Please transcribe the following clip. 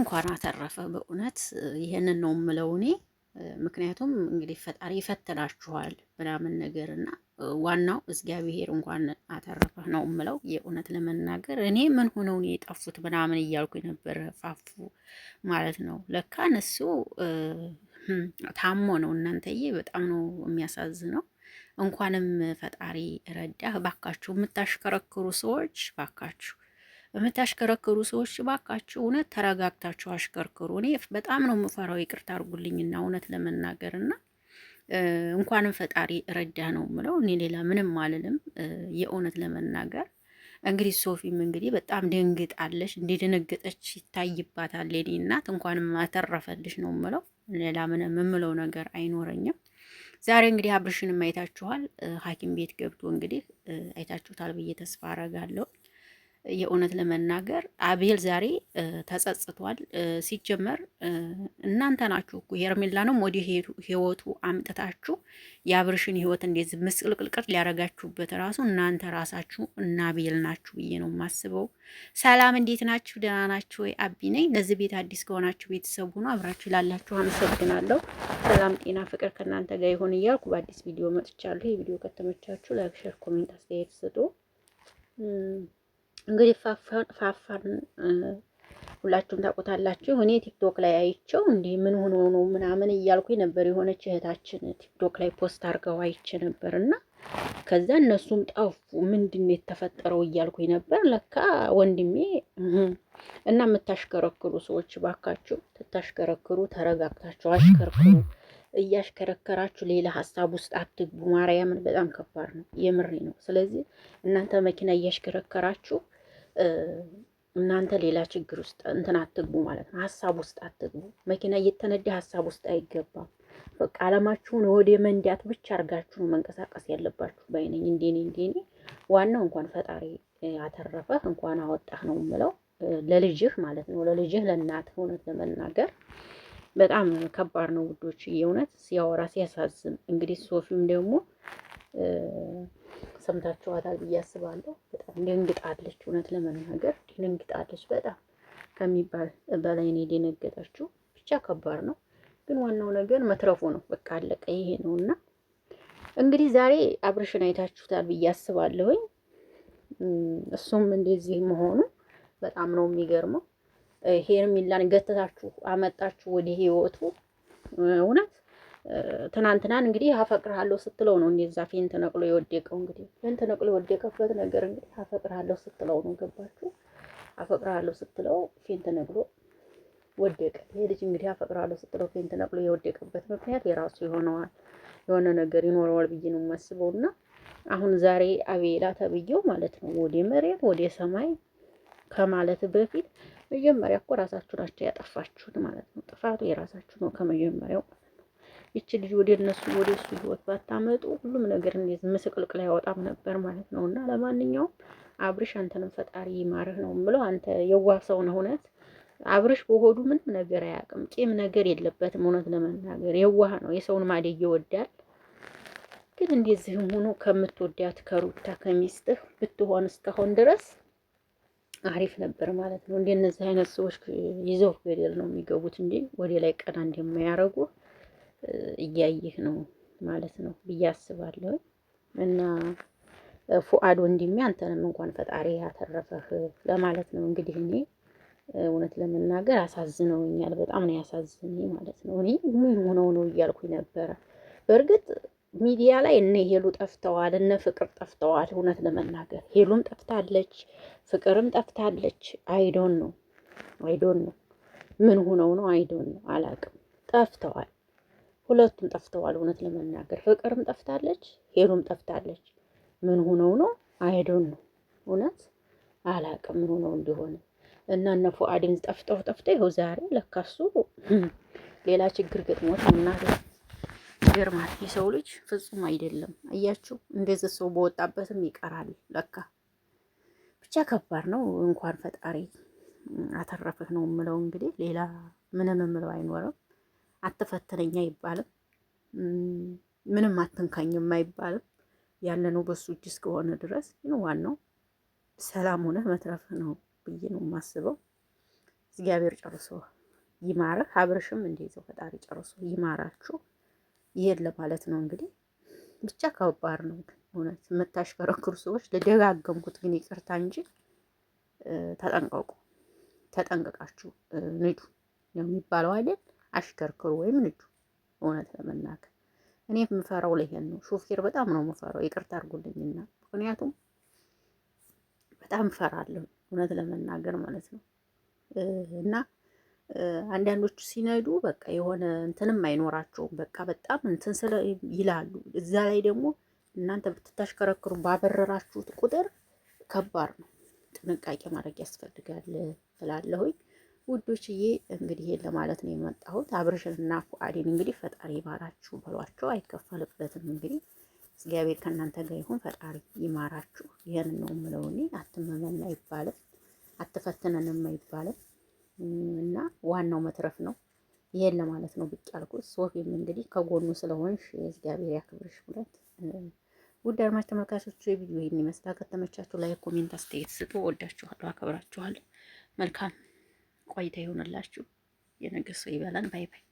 እንኳን አተረፈ። በእውነት ይህንን ነው የምለው እኔ። ምክንያቱም እንግዲህ ፈጣሪ ይፈትናችኋል ምናምን ነገር እና ዋናው እግዚአብሔር እንኳን አተረፈ ነው የምለው። የእውነት ለመናገር እኔ ምን ሆነው ነው የጠፉት ምናምን እያልኩ የነበረ ፋፉ ማለት ነው። ለካ እነሱ ታሞ ነው። እናንተዬ በጣም ነው የሚያሳዝነው። እንኳንም ፈጣሪ ረዳህ። ባካችሁ የምታሽከረክሩ ሰዎች ባካችሁ የምታሽከረክሩ ሰዎች እባካችሁ እውነት ተረጋግታችሁ አሽከርክሩ። እኔ በጣም ነው የምፈራው፣ ይቅርታ አድርጉልኝና እውነት ለመናገር እንኳንም ፈጣሪ ረዳ ነው የምለው እኔ ሌላ ምንም አልልም። የእውነት ለመናገር እንግዲህ ሶፊም እንግዲህ በጣም ደንግጣለች፣ እንደደነገጠች ይታይባታል። የኔ እናት እንኳንም አተረፈልሽ ነው የምለው ሌላ ምንም የምለው ነገር አይኖረኝም። ዛሬ እንግዲህ አብርሽንም አይታችኋል። ሐኪም ቤት ገብቶ እንግዲህ አይታችሁታል ብዬ ተስፋ አረጋለሁ። የእውነት ለመናገር አቤል ዛሬ ተጸጽቷል። ሲጀመር እናንተ ናችሁ እኮ ሄርሜላንም ወደ ህይወቱ አምጥታችሁ የአብርሽን ህይወት እንደዚ ምስቅልቅልቅር ሊያረጋችሁበት ራሱ እናንተ ራሳችሁ እና አቤል ናችሁ ብዬ ነው የማስበው። ሰላም፣ እንዴት ናችሁ? ደህና ናችሁ ወይ? አቢ ነኝ። ለዚህ ቤት አዲስ ከሆናችሁ ቤተሰብ ሁኑ። አብራችሁ ላላችሁ አመሰግናለሁ። ሰላም፣ ጤና፣ ፍቅር ከእናንተ ጋር ይሆን እያልኩ በአዲስ ቪዲዮ መጥቻለሁ። የቪዲዮ ከተመቻችሁ ላይክ፣ ሸር፣ ኮሜንት አስተያየት ስጡ። እንግዲህ ፋፋን ሁላችሁም ታውቁታላችሁ። እኔ ቲክቶክ ላይ አይቼው እንዲህ ምን ሆኖ ነው ምናምን እያልኩ ነበር። የሆነች እህታችን ቲክቶክ ላይ ፖስት አድርገው አይቼ ነበር እና ከዛ እነሱም ጠፉ። ምንድን የተፈጠረው እያልኩ ነበር። ለካ ወንድሜ እና የምታሽከረክሩ ሰዎች ባካችሁ ትታሽከረክሩ፣ ተረጋግታችሁ አሽከርክሩ። እያሽከረከራችሁ ሌላ ሀሳብ ውስጥ አትግቡ። ማርያምን በጣም ከባድ ነው። የምሬ ነው። ስለዚህ እናንተ መኪና እያሽከረከራችሁ እናንተ ሌላ ችግር ውስጥ እንትን አትግቡ ማለት ነው። ሀሳብ ውስጥ አትግቡ። መኪና እየተነዳ ሀሳብ ውስጥ አይገባም። በቃ አላማችሁን ወደ መንዳት ብቻ አድርጋችሁ መንቀሳቀስ ያለባችሁ ባይነኝ። እንዴኔ እንዴኔ ዋናው እንኳን ፈጣሪ ያተረፈህ እንኳን አወጣህ ነው የምለው ለልጅህ ማለት ነው። ለልጅህ ለእናት እውነት ለመናገር በጣም ከባድ ነው ውዶች። የእውነት ሲያወራ ሲያሳዝን እንግዲህ ሶፊም ደግሞ ሰምታችኋታል ብዬ አስባለሁ። በጣም ደንግጣለች፣ እውነት ለመናገር ደንግጣለች። በጣም ከሚባል በላይ ነው የደነገጠችው። ብቻ ከባድ ነው፣ ግን ዋናው ነገር መትረፉ ነው። በቃ አለቀ፣ ይሄ ነው እና እንግዲህ ዛሬ አብርሽን አይታችሁታል ብዬ አስባለሁኝ። እሱም እንደዚህ መሆኑ በጣም ነው የሚገርመው። ሄርሚላን ገተታችሁ አመጣችሁ ወደ ህይወቱ እውነት ትናንትናን እንግዲህ አፈቅርሃለሁ ስትለው ነው እንደዛ ፌን ተነቅሎ የወደቀው። እንግዲህ ፊን ተነቅሎ የወደቀበት ነገር እንግዲህ አፈቅርሃለሁ ስትለው ነው። ገባችሁ? አፈቅርሃለሁ ስትለው ፌን ተነቅሎ ወደቀ። ይሄ ልጅ እንግዲህ አፈቅርሃለሁ ስትለው ፌን ተነቅሎ የወደቀበት ምክንያት የራሱ የሆነዋል የሆነ ነገር ይኖረዋል ብዬ ነው የማስበው። እና አሁን ዛሬ አቤላ ተብዬው ማለት ነው ወደ መሬት ወደ ሰማይ ከማለት በፊት መጀመሪያ እኮ ራሳችሁ ናቸው ያጠፋችሁት ማለት ነው። ጥፋቱ የራሳችሁ ነው ከመጀመሪያው ይቺ ልጅ ወደ እነሱ ወደ እሱ ህይወት ባታመጡ ሁሉም ነገር እንዴት ምስቅልቅል ያወጣም ነበር ማለት ነው። እና ለማንኛውም አብርሽ አንተንም ፈጣሪ ይማርህ ነው የምለው። አንተ የዋህ ሰው ነው እውነት። አብርሽ በሆዱ ምንም ነገር አያውቅም፣ ቂም ነገር የለበትም። እውነት ለመናገር የዋህ ነው፣ የሰውን ማደግ ይወዳል። ግን እንደዚህም ሆኖ ከምትወዳት ከሩታ ከሚስትህ ብትሆን እስካሁን ድረስ አሪፍ ነበር ማለት ነው። እንደነዚህ አይነት ሰዎች ይዘው ገደል ነው የሚገቡት እንጂ ወደ ላይ ቀና እንደማያደርጉ እያየህ ነው ማለት ነው ብዬ አስባለሁ። እና ፉአድ ወንድሜ አንተንም እንኳን ፈጣሪ ያተረፈህ ለማለት ነው። እንግዲህ እኔ እውነት ለመናገር አሳዝነውኛል፣ በጣም ነው ያሳዝነኝ ማለት ነው። እኔ ምን ሆነው ነው እያልኩኝ ነበረ። በእርግጥ ሚዲያ ላይ እነ ሄሉ ጠፍተዋል፣ እነ ፍቅር ጠፍተዋል። እውነት ለመናገር ሄሉም ጠፍታለች፣ ፍቅርም ጠፍታለች። አይዶን ነው አይዶን ነው ምን ሆነው ነው አይዶን ነው አላውቅም፣ ጠፍተዋል ሁለቱም ጠፍተዋል። እውነት ለመናገር ፍቅርም ጠፍታለች፣ ሄሉም ጠፍታለች። ምን ሆነው ነው አይዶን ነው እውነት አላቅም ምን ሆነው እንደሆነ እና እነ ፉአድን ጠፍተው ጠፍተው ይኸው ዛሬ ለካሱ ሌላ ችግር ገጥሞት ምናለ ይገርማል። የሰው ልጅ ፍጹም አይደለም። አያችሁ እንደዚህ ሰው በወጣበትም ይቀራል ለካ። ብቻ ከባድ ነው። እንኳን ፈጣሪ አተረፈህ ነው የምለው። እንግዲህ ሌላ ምንም የምለው አይኖርም። አትፈትነኝ አይባልም። ምንም አትንካኝም አይባልም። ያለነው በሱ እጅ እስከሆነ ድረስ ግን ዋናው ሰላም ሆነ መትረፍ ነው ብዬ ነው የማስበው። እግዚአብሔር ጨርሶ ይማረህ። ሀብርሽም እንደዚያው ፈጣሪ ጨርሶ ይማራችሁ። ይሄን ለማለት ነው እንግዲህ ብቻ ከባድ ነው እውነት የምታሽከረክሩ ሰዎች ለደጋገምኩት ግን ይቅርታ እንጂ ተጠንቀቁ፣ ተጠንቀቃችሁ ንዱ ነው የሚባለው አይደል? አሽከርክሩ ወይም ንጁ። እውነት ለመናገር እኔ የምፈራው ለይሄን ነው። ሾፌር በጣም ነው የምፈራው። ይቅርታ አድርጉልኝና ምክንያቱም በጣም ፈራለሁ፣ እውነት ለመናገር ማለት ነው። እና አንዳንዶቹ ሲነዱ በቃ የሆነ እንትንም አይኖራቸውም። በቃ በጣም እንትን ስለ ይላሉ። እዛ ላይ ደግሞ እናንተ ብትታሽከረክሩ ባበረራችሁት ቁጥር ከባድ ነው። ጥንቃቄ ማድረግ ያስፈልጋል እላለሁኝ። ውዶችዬ እንግዲህ ይሄን ለማለት ነው የመጣሁት። አብርሽንና ፉአዴን እንግዲህ ፈጣሪ ይማራችሁ በሏቸው፣ አይከፈልበትም። እንግዲህ እግዚአብሔር ከእናንተ ጋር ይሁን፣ ፈጣሪ ይማራችሁ። ይህን ነው የምለው እኔ። አትመመን አይባልም፣ አትፈትነንም አይባልም እና ዋናው መትረፍ ነው። ይሄን ለማለት ነው ብቅ ያልኩት። ሶፊም እንግዲህ ከጎኑ ስለሆንሽ እግዚአብሔር ያክብርሽ ብለት ውድ አድማጭ ተመልካቾች ቪዲዮ ይህን ይመስላል። ከተመቻችሁ ላይ ኮሜንት፣ አስተያየት ስጡ። ወዳችኋለሁ፣ አከብራችኋለሁ። መልካም ቆይታ ይሆንላችሁ። የነገ ሰው ይበላን። ባይ ባይ።